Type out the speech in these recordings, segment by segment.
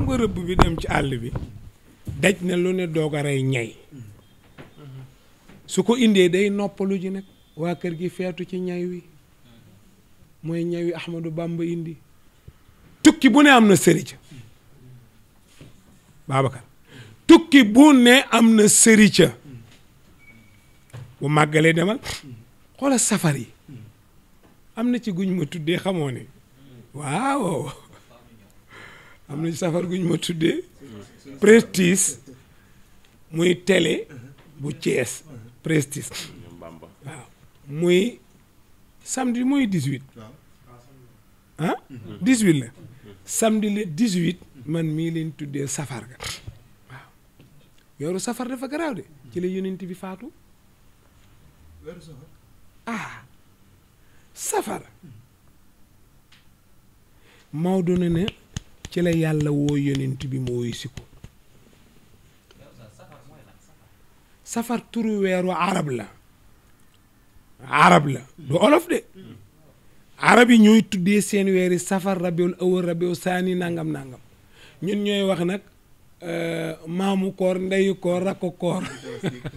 xam nga rëbb bi dem ci àll bi daj na lu ne doog ñay su ko indee day noppalu ji nag waa kër gi feetu ci ñay wi mooy ñay wi Ahmadou Bamba indi tukki bu ne am na sëriñ Babacar tukki bu ne am na sëriñ bu màggalee demal xoola safar yi am na ci guñ ma tuddee xamoo ne waaw am na safar gu ñu ma tuddee prestige muy télé bu Thiès prestige waaw muy samedi muy 18 ah 18 la samedi le 18 man mii leen tuddee safar ga waaw yoru safar dafa garaaw de ci la yonent bi faatu ah safar Maodo ne ne ci la yàlla woo yonent bi mu wuy si ko safar turu weeru arab la arab la du olof de arab yi ñooy tuddee seen weeri safar rabiul awal rabiul saani nangam nangam ñun ñooy wax nag euh, maamu koor ndeyu koor rakko koor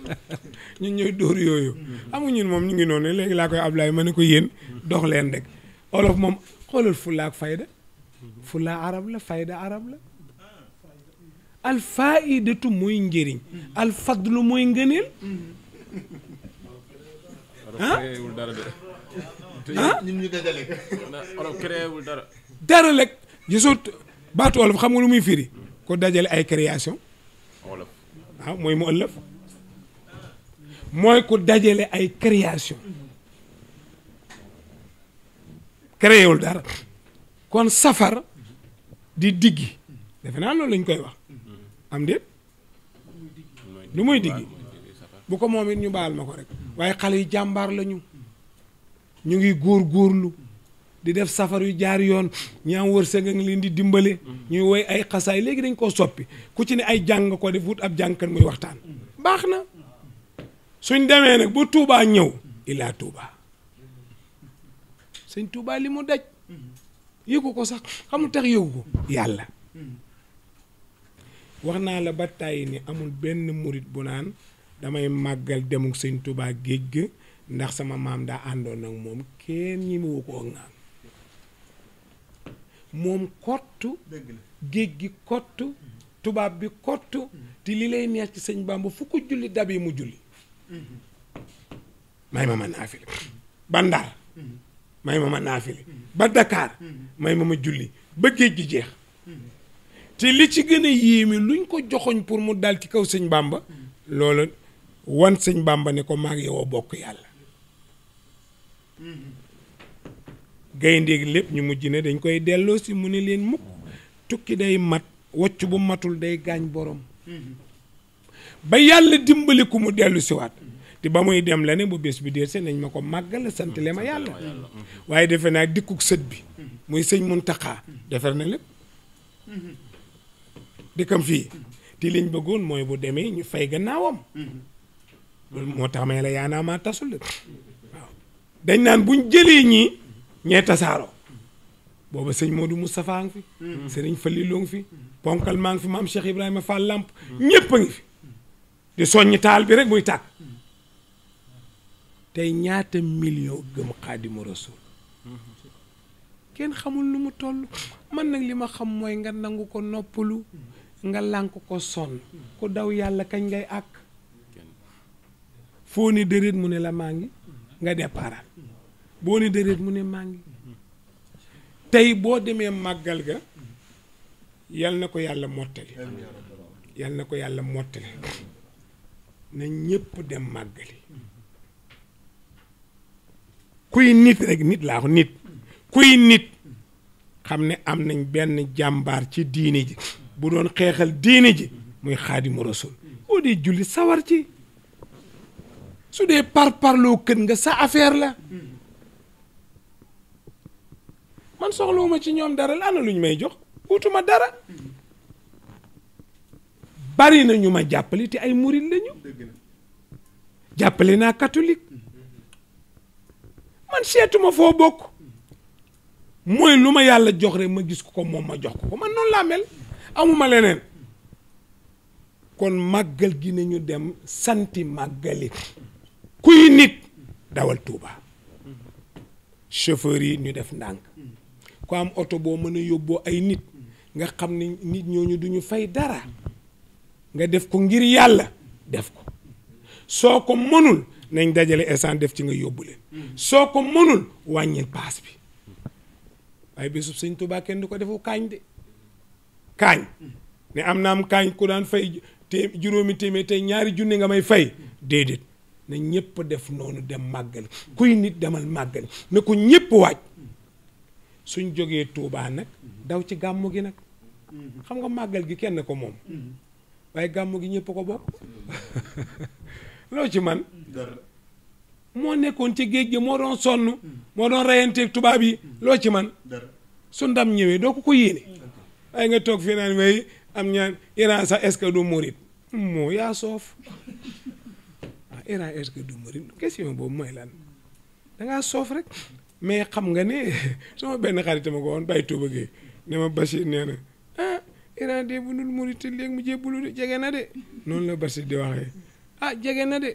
ñun ñooy dóor yooyu amu moom ñu ngi noonu léegi laa koy ablaay ma ne ko yéen dox leen rek olof moom xoolal fulla ak fayda fulla arab la fayda arab la alfaidatu mooy njëriñ alfadlu mooy ngëneel ah dara ah? rek gisut baatu wolof xam nga lu muy firi ko dajale ay création ah, mooy mu ëllëf mooy ku dajale ay création créewul dara kon safar di diggi defe naa loolu lañ koy wax am déet lu muy diggi bu ko moom it ñu baal ma ko rek waaye xale yu jàmbaar lañu ñu ngi góor góorlu di def safar yu jaar yoon ñi am wërsëg nga leen di dimbale ñuy woy ay xasaay léegi dañ koo soppi ku ci ne ay jàng ko def wut ab jàngkat muy waxtaan baax na suñ demee nag bu Tuubaa ñëw ilaa Tuubaa sëñ Tuubaa li mu daj yëgu ko sax xamul tax yëgu ko yàlla wax naa la ba tàyyi ni amul benn murit bu naan damay màggal demuk sëñ tubaa géej gi ndax sama maam daa àndoon ak moom kenn ñi mu ko ak moom kottu géej gi kottu tubaab bi kottu te li lay neex ci sëñ bàmba fu ko julli dab yi mu julli mm-hmm. may ma mën naa fi may ma ma naafile ba Dakar may ma ma julli ba géej gi jeex te li ci gën a yéeme luñ ko joxoñ pour mu dal ci kaw sëñ Bamba loola wan sëñ Bamba ne ko maag yow a bokk yàlla gayndeeg lépp ñu mujj ne dañ koy delloo si mu ne leen mukk tukki day mat wacc bu matul day gaañ borom mm-hmm. ba yàlla dimbali ku mu dellu siwaat te ba muy dem la ne bu bés bi dee seen nañ ma ko màggal sant le mm, ma yàlla mm. waaye defe naa dikkuk sët bi muy sëñ Muntaxa defar na lépp mm-hmm. dëkkam fii mm-hmm. te liñ bëggoon mooy bu demee ñu fay gannaawam mm-hmm. loolu moo tax may la yaanaa maa tasul la dañ naan buñ jëlee ñi ñee tasaaroo booba sëñ Modou Moustapha ngi fi sëriñ Falilou ngi fi ponkal maa ngi fi maam Cheikh Ibrahima Fall Lamp ngi di soññ taal bi rek muy tàkk tey ñaata million gëm xaadimu rasul kenn xamul lu mu toll man nag li ma xam mooy nga nangu ko noppalu nga lànk ko sonn ku daw yàlla kañ ngay àkk foo ni déedéet mu ne la maa ngi nga déparal boo ni déedéet mu ne maa ngi tey boo demee màggal ga yal na ko yàlla mottali na ko yàlla mottali na ñépp dem màggali kuy nit rek nit laa ko nit kuy nit xam ne am nañ benn jàmbaar ci diini ji bu doon xeexal diini ji muy xaadimu rasul boo dee julli sawar ci su dee par parloo kën nga sa affaire la man soxlawuma ci ñoom dara la ana luñ may jox wutuma dara bari na ñu ma jàppale te ay murit lañu jàppale naa catholique man seetuma foo bokk mooy lu ma yàlla jox rek ma gis ko ko moom ma jox ko ko man noonu laa mel amuma leneen kon màggal gi nañu dem santi màggali kuy nit dawal Touba chauffeur yi ñu def ndànk ku am oto boo mën a yóbboo ay nit nga xam ne nit ñooñu duñu fay dara nga def ko ngir yàlla def ko soo ko mënul nañ dajale instant def ci nga yóbbu leen soo ko mënul wàññil paas bi waaye bésub sëñ Tuubaa kenn du ko defu kaañ de kaañ ne am na am kaañ ku daan fay té juróomi téeméer tey ñaari junni nga may fay déedéet na ñëpp def noonu dem màggal kuy nit demal màggal ne ko ñëpp waaj suñ jógee daw ci gàmmu gi nag xam nga màggal gi kenn ko moom waaye gàmmu gi ñëpp ko bokk loo ci man moo nekkoon ci géej gi moo doon sonn moo doon reyanteeg tubaab yi loo ci man su ndam ñëwee doo ko ko yéene waaye nga toog fii naan am ñaan Iran sax est-ce que du murit moo yaa soof ah, boobu mooy lan dangaa soof rek mais xam nga ne sama benn xaritama ko woon bàyyi Touba Gueye ne ma Bachir nee ah Iran de bu dul murit léegi mu jébbalu de jege na de noonu la Bachir di waxee ah jege na de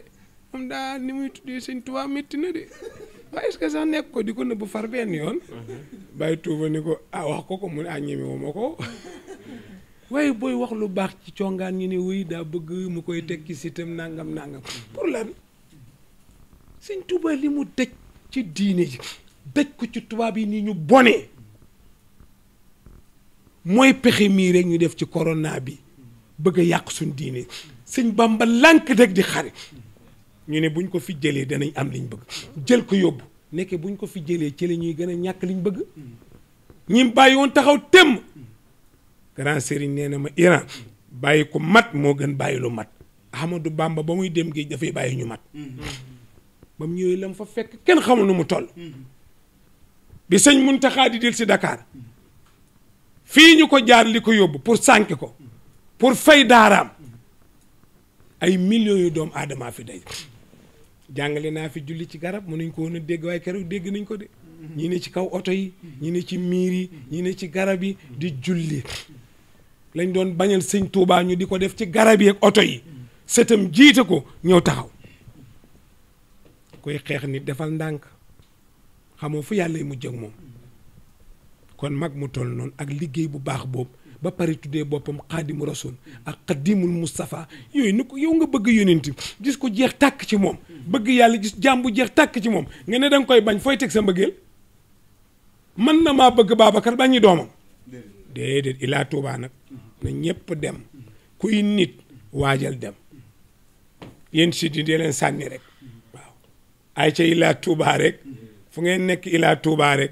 moom daa ni muy tuddee sëñ Tuubaa métti na de waaye est-ce sax nekk ko di ko nëbb far benn yoon. bàyyi tuuba ni ko ah wax ko ko mu ne ah ñeme ko. waaye booy wax lu baax ci congaan ñu ne wuy daa bëgg mu koy teg ci sitam nangam nangam pour lan sëñ Tuubaa li mu dëj ci diine ji dëj ko ci tubaab yi nii ñu bone mooy pexe mii rek ñu def ci corona bi. bëgg yàq suñ diine sëñ Bamba lànk rek di xare ñu ne buñ ko fi jëlee danañ am liñ bëgg jël ko yóbbu nekke buñ ko fi jëlee ci la ñuy gën a ñàkk liñ bëgg ñim bàyyi woon taxaw temm grand sëriñ nee na ma Iran bàyyi ko mat moo gën bàyyi lu mat du Bamba ba muy dem géej dafay bàyyi ñu mat ba mu ñëwee la mu fa fekk kenn xamul nu mu toll bi sëñ Muntaxa di del si Dakar fii ñu ko jaar li ko yóbbu pour sànk ko pour fay daaraam ay million yu doom aadamaa fi day jàngale naa fi julli ci garab mënuñ ko woon a dégg waaye keroog dégg nañ ko de ñi ne ci kaw oto yi ñi ne ci miir yi ñi ne ci garab yi di julli lañ doon bañal sëñ Tuubaa ñu di ko def ci garab yi ak oto yi sëtam jiite ko ñëw taxaw koy xeex ni defal ndànk xamoo fu yàlla mu mujj ak moom kon mag mu toll noonu ak liggéey bu baax boobu ba pare tuddee boppam xaadimu rasul ak xaadimul Moustapha yooyu ni ko yow nga bëgg yónent gis ko jeex takk ci moom bëgg yàlla gis jàmm jeex tàkk ci moom nga ne da koy bañ fooy teg sa mbëggeel mën na maa bëgg Babacar bañi doomam déedéet ilaa Tuubaa nag na ñépp dem kuy nit waajal dem yéen si di leen sànni rek waaw ay ca ilaa Tuubaa rek fu ngeen nekk ilaa Tuubaa rek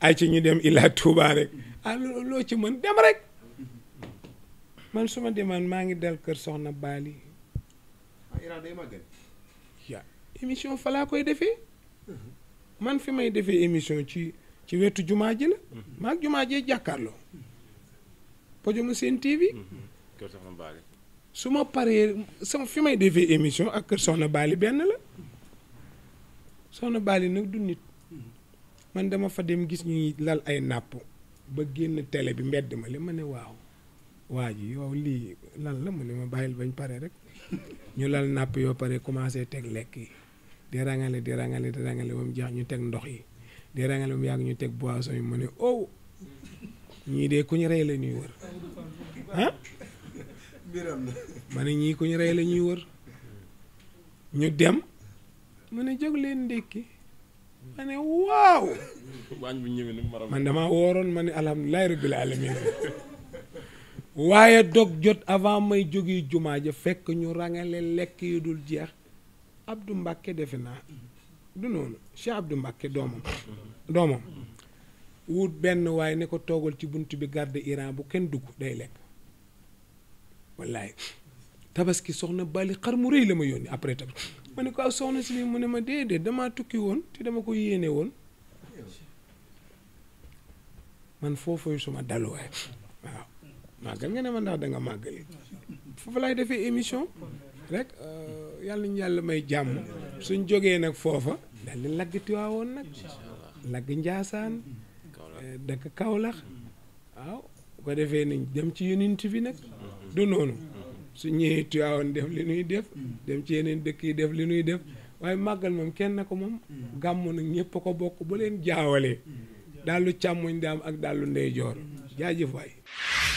ay ca ñu dem ilaa Tuubaa rek ah loo ci mën dem rek man suma ma maa ngi del kër soxna Baali. ah Iran day émission fa laa koy defee. man fi may defee émission ci ci wetu jumaa ji la. Mhm. maag jumaa jee jàkkaarloo. pojomu seen TV. Mhm. su ma paree sama fi may defee émission ak kër soxna Baali benn la. soxna Baali nag du nit. Mhm. man dama fa dem gis ñuy lal ay nàpp. ba génn tele bi mbedd ma li ma ne waaw. waa ji yow lii lan la mu ne ma bàyyil bañ pare rek ñu lal nàpp yoo pare commencé teg lekk yi di rangale di rangale di jeex ñu teg ndox yi di rangale ba yàgg ñu teg boisson yi mu ne ow oh! ñii de ku ñu rey la ñuy wër ñii ku ñu rey la ñuy wër ñu dem mu ne jóg leen ndékki ma ne waaw man damaa wooroon ma ne alhamdulilahi rabbil alamin waaye dog jot avant may jóge jumaa ja fekk ñu rangale lekk yu dul jeex ab du Mbàkke defe naa du noonu Cheikh Abdou Mbàkke doomam doomam wut benn waaye ne ko toogal ci bunt bi garde Iran bu kenn dugg day lekk wallaay tabaski soxna bali xar mu rëy la ma yónni après tabaski ma ne ko aw soxna si lii mu ne ma déedéet damaa tukki woon te dama ko yéene woon man foofu suma daluwaay waaw màggal nga ne ma ndax da nga foofu laay defee émission rek euh, yàlla ñu may jàmm suñ jógee nag foofa dal di lagg Tiwaawoon nag lagg Njaasaan euh, dëkk Kawlax waaw ko defee nañ dem ci yonent bi nag mm-hmm. du noonu mm-hmm. su ñëwee Tiwaawoon def li nuy def mm-hmm. dem ci yeneen dëkk yi def li nuy def waaye màggal moom kenn ko moom gàmmu nag ñëpp ko bokk bu leen jaawalee dàllu càmmoñ daam ak dàllu ndeyjoor jaajëf waay